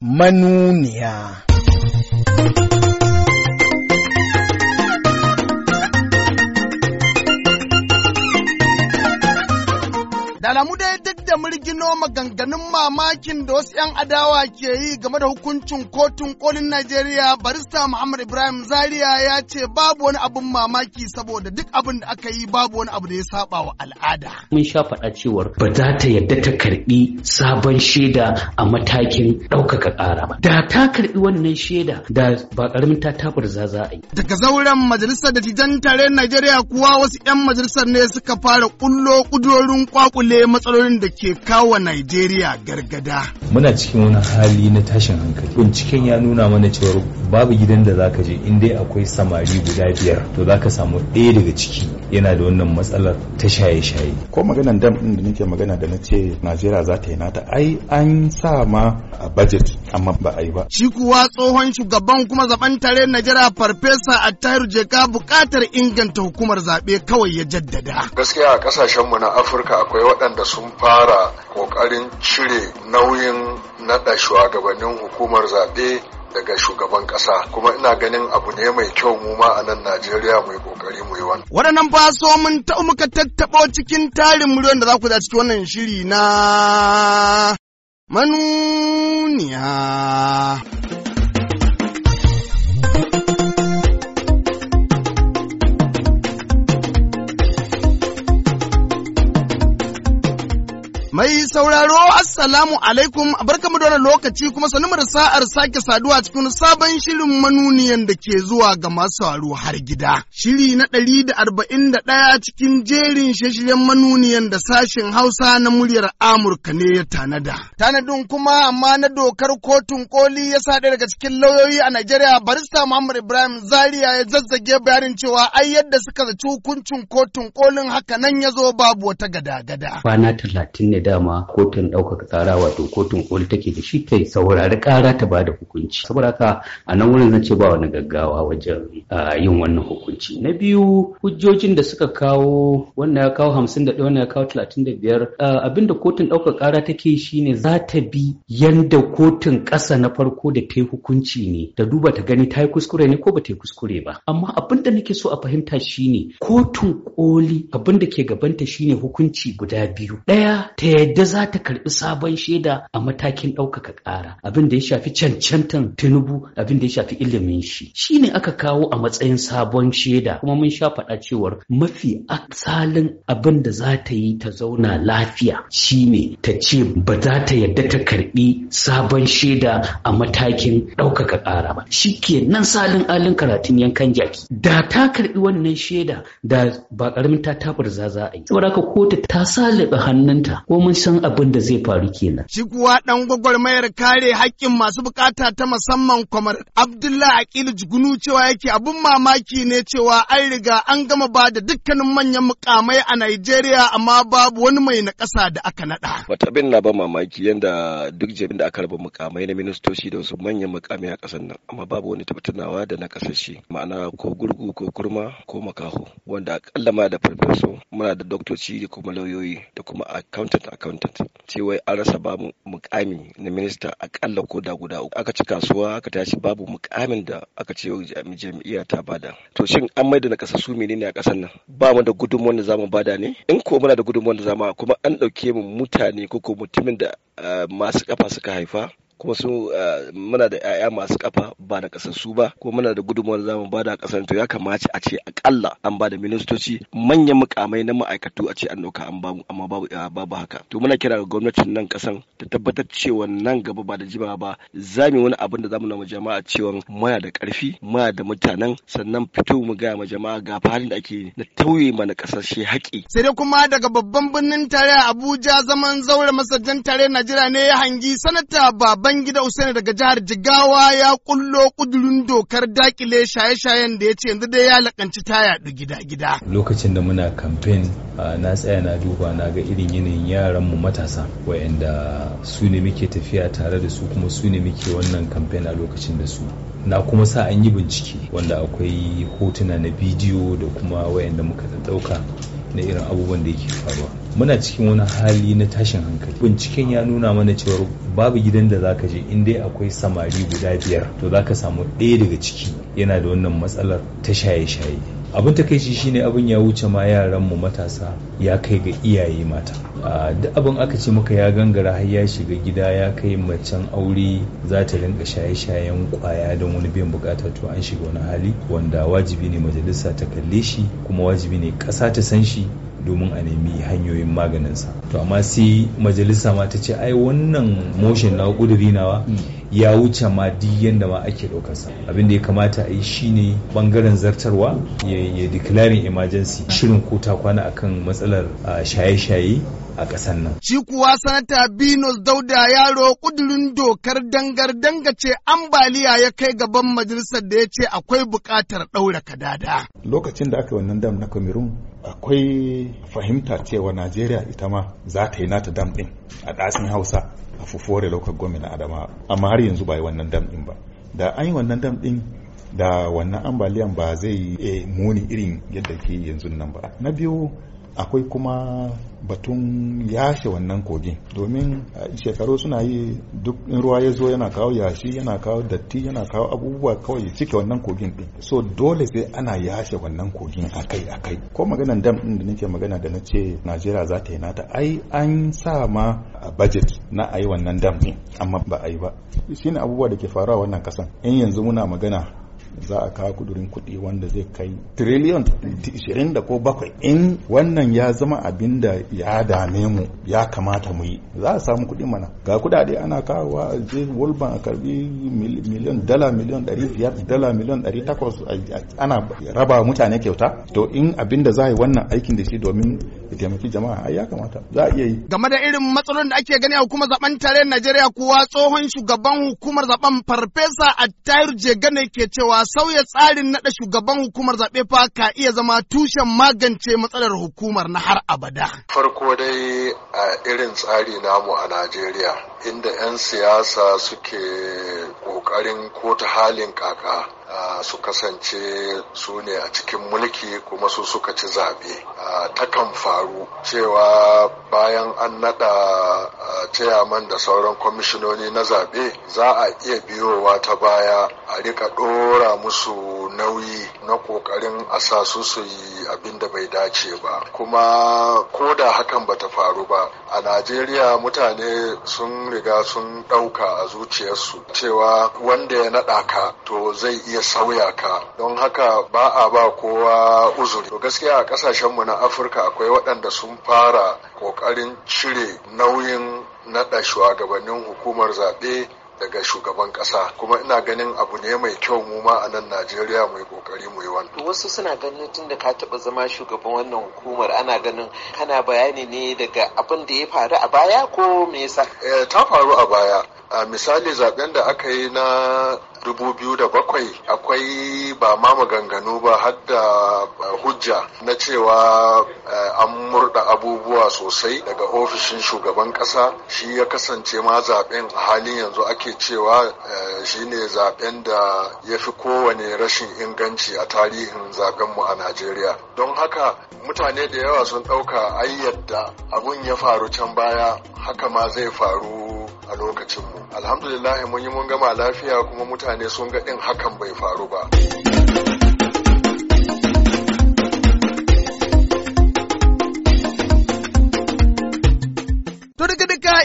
manuniya. Da alamu dai duk da murgino maganganun mamakin da wasu 'yan adawa ke yi game da hukuncin kotun kolin Najeriya barista Muhammad Ibrahim Zaria ya ce babu wani abin mamaki saboda duk abin da aka yi babu wani abu da ya saba wa al'ada. Mun sha faɗa cewar ba za ta yadda ta karɓi sabon shaida a matakin ɗaukaka ƙara ba. Da ta karɓi wannan shaida da ba ƙaramin ta tabar za za a yi. Daga zauren majalisar da tijan tare Najeriya kuwa wasu 'yan majalisar ne suka fara ƙullo ƙudurorin ƙwaƙule dai matsalolin da ke kawo Najeriya gargada. Muna cikin wani hali na tashin hankali. Binciken ya nuna mana cewa babu gidan da zaka je in dai akwai samari guda biyar to zaka samu ɗaya daga ciki yana da wannan matsalar ta shaye-shaye. Ko maganan dam ɗin da nake magana da na ce Najeriya za ta yi nata ai an sa ma a budget amma ba a yi ba. Shi kuwa tsohon shugaban kuma zaben tare Najeriya Farfesa a Attahiru Jeka buƙatar inganta hukumar zaɓe kawai ya jaddada. Gaskiya a ƙasashenmu na Afirka akwai waɗanda sun fara ƙoƙarin cire nauyin naɗa shugabannin hukumar zaɓe daga shugaban ƙasa, kuma ina ganin abu ne mai kyau mu ma a nan Najeriya mu yi ƙoƙari mu yi wani. Waɗannan ba so mun ta muka tattaɓo cikin tarin miliyon da za ku za cikin wannan shiri na manuniya. Mai sauraro Assalamu alaikum, barkamu da lokaci kuma sanin da sa'ar sake saduwa cikin sabon shirin manuniyan da ke zuwa ga masu sauraro har gida. Shiri na ɗari da arba'in da ɗaya cikin jerin shirye manuniyan da sashen Hausa na muryar Amurka ne ya tanada. Tanadin kuma amma na dokar kotun koli ya sa ɗaya daga cikin lauyoyi a Najeriya barista Muhammad Ibrahim Zaria ya zazzage bayanin cewa ai yadda suka zaci hukuncin kotun kolin haka nan ya zo babu wata gada-gada. Kwana talatin ne dama kotun ɗaukaka kara wato kotun koli take da shi kai saurari kara ta bada hukunci saboda haka a nan wurin zan ce ba wani gaggawa wajen yin wannan hukunci na biyu hujjojin da suka kawo wannan ya kawo hamsin da wannan ya kawo talatin da biyar abinda kotun ɗaukar kara take shi ne za ta bi yanda kotun ƙasa na farko da ta yi hukunci ne da duba ta gani ta yi kuskure ne ko ba ta yi kuskure ba amma abin da nake so a fahimta shine kotun koli abin da ke gabanta shine hukunci guda biyu ɗaya ta yadda za ta karɓi sabon sabon shaida a matakin ɗaukaka ƙara abin da ya shafi cancantan tinubu abin da ya shafi ilimin shi shine aka kawo a matsayin sabon shaida kuma mun sha faɗa cewar mafi asalin abin da za ta yi ta zauna lafiya shine ta ce ba za ta yadda ta karɓi sabon shaida a matakin ɗaukaka ƙara ba shi ke nan salin alin karatun yankan jaki da ta karɓi wannan shaida da ba ƙaramin ta tabar za za a yi saboda kotu ta saliba hannunta ko mun san abin da zai faru Buhari kenan. Shi kuwa ɗan gwagwarmayar kare haƙƙin masu bukata ta musamman kwamar Abdullahi Aqilu Jigunu cewa yake abin mamaki ne cewa an riga an gama ba da dukkanin manyan mukamai a Najeriya amma babu wani mai na ƙasa da aka naɗa. Wata abin na ba mamaki yadda duk jami'in da aka raba mukamai na ministoci da wasu manyan mukamai a ƙasar nan amma babu wani tabbatarwa da na ƙasashe ma'ana ko gurgu ko kurma ko makaho wanda aƙalla ma da farfesa muna da doktoci da kuma lauyoyi da kuma accountant accountant cewa rasa babu mukami na minista akalla ko da guda uku aka ci kasuwa aka tashi babu mukamin da aka ce jam'iyya ta bada to shin an maida na kasa su menene a kasar nan ba mu da gudunmuwan da zamu bada ne in ko muna da gudunmuwan da zamu kuma an dauke mu mutane ko ko mutumin da eh, masu kafa suka haifa kuma su eh, muna da 'ya'ya masu kafa ba da kasassu ba kuma muna da gudunmuwar zamu ba da kasar to ya kamace a ce akalla an ba da ministoci manyan mukamai na ma'aikatu a ce an dauka an amma babu eh, babu haka to muna kira ga gwamnatin nan kasan ta tabbatar cewa nan gaba ba da jima ba za mu wani abin da zamu na jama'a cewa muna da karfi muna da mutanen sannan fito mu ga jama'a ga halin da ake na tauye mana kasashe haƙi sai dai kuma daga babban birnin tare Abuja zaman zaure masajan tare Najeriya ne ya hangi sanata baba Babangida Usaini daga jihar Jigawa ya kullo kudurin dokar dakile shaye-shayen da ya ce yanzu dai ya lakanci taya yaɗu gida-gida. Lokacin da muna kamfen na tsaya na duba na ga irin yanayin yaran mu matasa wayanda su ne muke tafiya tare da su kuma su ne muke wannan kamfen a lokacin da su. na kuma sa an yi bincike wanda akwai hotuna na bidiyo da kuma wayanda muka ɗauka na irin abubuwan da yake faruwa muna cikin wani hali na tashin hankali binciken ya nuna mana cewa babu gidan da zaka je in dai akwai samari guda biyar to zaka samu ɗaya daga ciki yana da wannan matsalar ta shaye-shaye abin shi shine abin ya wuce ma yaran mu matasa ya kai ga iyaye mata duk abin aka ce maka ya gangara har ya shiga gida ya kai macen aure za ta rinka shaye-shayen kwaya don wani biyan bukata to an shiga wani hali wanda wajibi ne majalisa ta kalle shi kuma wajibi ne ƙasa ta san shi domin a nemi hanyoyin maganinsa to amma sai majalisa ma ta ce ai wannan motion na kuduri nawa ya wuce ma duk yadda ma ake ɗaukarsa abin da ya kamata a yi shine bangaren zartarwa ya declaring emergency shirin ko ta kwana akan matsalar shaye-shaye a ƙasar nan. Shi kuwa sanata binus Dauda yaro ƙudurin dokar dangar dangace ambaliya ya kai gaban majalisar da ya ce akwai buƙatar ɗaura kadada. Lokacin da aka yi wannan dam na Cameroon akwai fahimta cewa najeriya ita ma za ta yi nata damɗin a ɗasin hausa a fufore lokal gwamna adama amma har yanzu ba yi wannan damɗin ba da an yi wannan damɗin, da wannan ambaliyan ba zai yi eh, muni irin yadda ke yanzu nan ba na biyu akwai kuma batun yashe wannan kogin domin eh, shekaru suna yi duk in ruwa ya zo yana kawo yashi yana kawo datti yana kawo abubuwa kawai cike wannan kogin din so dole sai ana yashe wannan kogin akai akai ko maganan dam din da nake magana da nace Najeriya za ta yi nata ai an sa ma a budget na a yi wannan dam din amma ba a yi ba shine abubuwa da ke faruwa wannan kasan in yanzu muna magana za a kawo kudurin kuɗi wanda zai kai tiriliyon 20 da ko bakwai in wannan ya zama abin da ya dame mu ya kamata mu yi za a samu kuɗi mana ga kuɗaɗe ana kawowa je wolban a karbi miliyan dala miliyan 500 dala miliyan 800 ana raba mutane kyauta to in abin da za a yi wannan aikin da shi domin ya taimaki jama'a ai ya kamata za a iya yi game da irin matsalolin da ake gani a hukumar zaben tarayyar Najeriya kuwa tsohon shugaban hukumar zaben farfesa Attahiru Jegane ke cewa sauya tsarin naɗa shugaban hukumar zaɓe fa ka iya zama tushen magance matsalar hukumar na har abada. Farko dai a irin tsari namu a Najeriya inda 'yan siyasa suke ƙoƙarin kota halin kaka su kasance su ne a cikin mulki kuma su suka ci zaɓe takan faru cewa bayan an naɗa ciyaman da sauran kwamishinoni na zaɓe za a iya biyowa ta baya a rika ɗora musu nauyi na kokarin a sa su su yi abin da bai dace ba kuma ko da hakan ba ta faru ba a najeriya mutane sun riga sun ɗauka a zuciyarsu cewa wanda ya naɗa ka to zai iya sauya ka don haka ba a ba kowa uzuri to gaskiya a ƙasashenmu na afirka akwai waɗanda sun fara ƙoƙarin cire nauyin naɗa shugabannin hukumar zaɓe daga shugaban kasa kuma ina ganin abu ne mai kyau mu ma a nan Najeriya mai kokari mu yi wannan. Wasu suna ganin tun da ka taba zama shugaban wannan hukumar ana ganin kana bayani ne daga abin da ya faru a baya ko me yasa? Eh, ta faru a baya. A misali zaben da aka yi na da bakwai akwai ba ma maganganu ba har da hujja na cewa eh, sosai daga ofishin shugaban kasa shi ya kasance ma zaben a halin yanzu ake cewa eh, shi ne zaben da ya fi kowane rashin inganci a tarihin zabenmu a najeriya don haka mutane da yawa sun ɗauka ayyadda yadda abun ya faru can baya haka ma zai faru a lokacinmu alhamdulillah mun yi mun gama lafiya kuma mutane sun ga ɗin hakan bai faru ba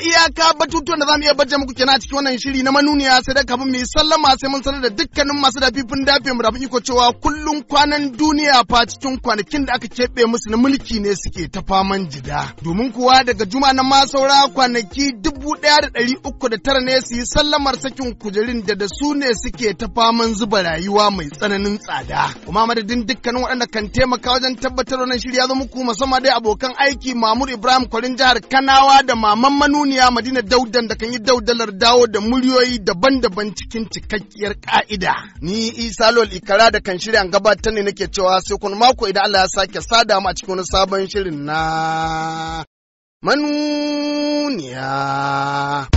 iyaka batutuwan da za mu iya bajja muku kenan a cikin wannan shiri na manuniya sai da kafin mu yi sallama sai mun sanar da dukkanin masu dafifin dafe mu da iko cewa kullun kwanan duniya fa cikin kwanakin da aka keɓe musu na mulki ne suke ta faman jida. Domin kuwa daga juma na ma saura kwanaki dubu ɗaya da ɗari uku da tara ne su yi sallamar sakin kujerin da da su ne suke ta faman zuba rayuwa mai tsananin tsada. Kuma madadin dukkanin waɗanda kan taimaka wajen tabbatar wannan shiri ya zo muku musamman dai abokan aiki Mamur Ibrahim Kwarin jihar Kanawa da Maman Manuni duniya Madina Daudan da kan yi daudalar dawo da muryoyi daban-daban cikin cikakkiyar ka'ida. Ni Isa Lol Ikara da kan shirya gabatar ne nake cewa sai kun mako idan Allah ya sake sada mu a cikin wani sabon shirin na manuniya.